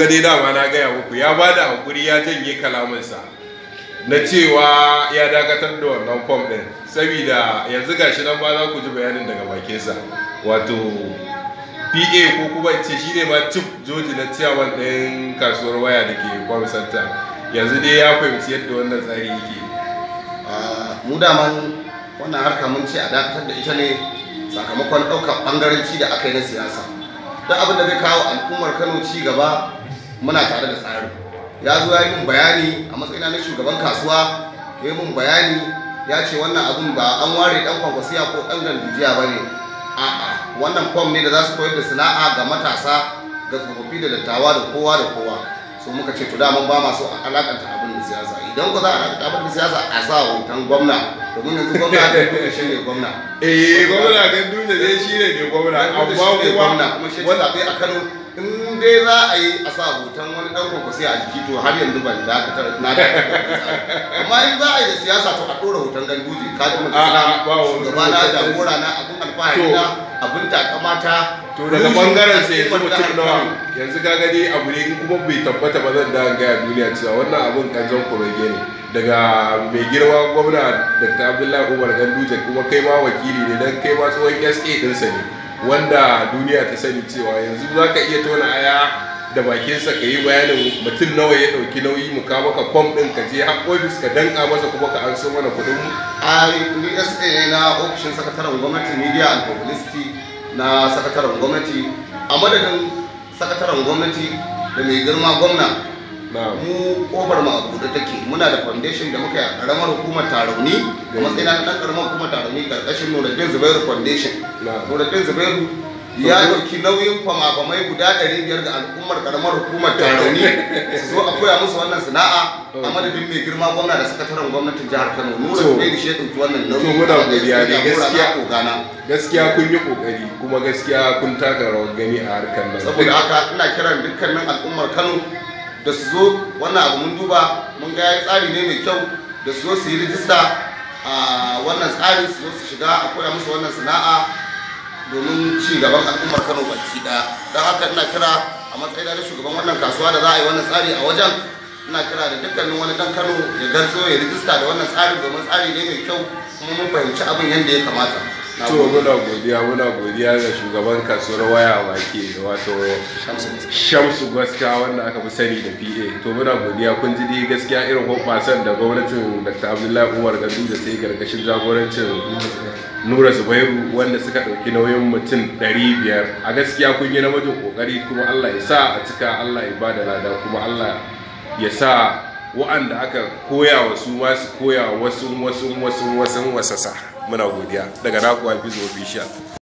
ga dai dama na gaya muku ya ba da ya janye kalaminsa na cewa ya dakatar da wannan fom ɗin saboda yanzu ga shi nan ba za ku ji bayanin daga bakinsa wato pa ko kuma ce shi ne ma cif joji na ciyawan ɗin kasuwar waya da ke kwam santa yanzu dai ya fahimci yadda wannan tsari yake mu daman wannan harka mun ce a dakatar da ita ne sakamakon ɗaukar ɓangaranci da aka yi na siyasa da abin da zai kawo al'ummar kano ci gaba muna tare da tsari ya zo ya yi min bayani a matsayina na shugaban kasuwa ya yi min bayani ya ce wannan abin ba an ware dan kwakwasiya ko dan gandujiya ba ne a'a wannan fom ne da za su koyar da sana'a ga matasa ga tsofaffi da dattawa da kowa da kowa so muka ce to da mun ba masu alakanta da siyasa idan ku za a raka kamar da siyasa a sa hoton gwamna domin yanzu gwamna da duka shi ne gwamna eh gwamna kan duniya ne shi ne gwamna amma kuma wanda akwai a Kano in dai za a yi a sa hoton wani dan kwakwasi a jiki to har yanzu ban da aka tara na da amma in za a yi da siyasa to a dora hoton ganduje ka ji mun kana gaba na jagora na abun alfahari na abun takamata to daga bangaren sai yanzu mutum nawa yanzu ka gani abu ne in kuma bai tabbata ba zan da gaya duniya cewa wannan abun kanzon kurege ne daga mai girma gwamna dr abdullahi umar ganduje kuma kai ma wakili ne dan kai ma tsohon sa ne wanda duniya ta sani cewa yanzu za ka iya tona aya da bakinsa ka yi bayanin mutum nawa ya ɗauki nauyi mu ka maka fom ɗin ka je har ofis ka danka masa kuma ka an so mana kuɗin mu. a usa na ofishin sakataren gwamnati media and publicity na sakataren gwamnati a madadin sakataren gwamnati da mai girma gwamna mu kofar mu a take muna da foundation da muka yi a karamar hukumar tarauni a matsayin na ɗan karamar hukumar tarauni karkashin nuruddin zubairu foundation nuruddin zubairu ya ɗauki nauyin kwama guda ɗari biyar ga al'ummar karamar hukumar tarauni su zo a koya musu wannan sana'a a madadin mai girma gwamna da sakataren gwamnatin jihar kano nura da bai shi ɗauki wannan nauyin muna godiya ne gaskiya gaskiya kun yi kokari kuma gaskiya kun taka rawar gani a harkar nan saboda haka ina kiran dukkanin al'ummar kano da su zo wannan abu mun duba mun ga tsari ne mai kyau da su zo su yi rijista a wannan tsarin su zo su shiga a koya musu wannan sana'a domin ci gaban al'ummar kano baki daya don haka ina kira a matsayin da shugaban wannan kasuwa da za a yi wannan tsari a wajen ina kira da dukkanin wani dan kano ya garzo ya rijista da wannan tsari domin tsari ne mai kyau kuma mun fahimci abin yadda ya kamata to muna godiya muna godiya ga shugaban kasuwar waya wake wato shamsu gaskiya wanda aka fi sani da pa to muna godiya kun ji dai gaskiya irin hoɓasan da gwamnatin dr abdullahi umar gandu da ta gargashin jagorancin nura zubairu wanda suka ɗauki nauyin mutum 500 a gaskiya kun yi namijin ƙoƙari kuma allah ya sa a cika allah ya ba da lada kuma allah ya sa wa'anda aka koya wa su masu koya wasu wasu wasu wasu wasu muna godiya daga naku hafizu official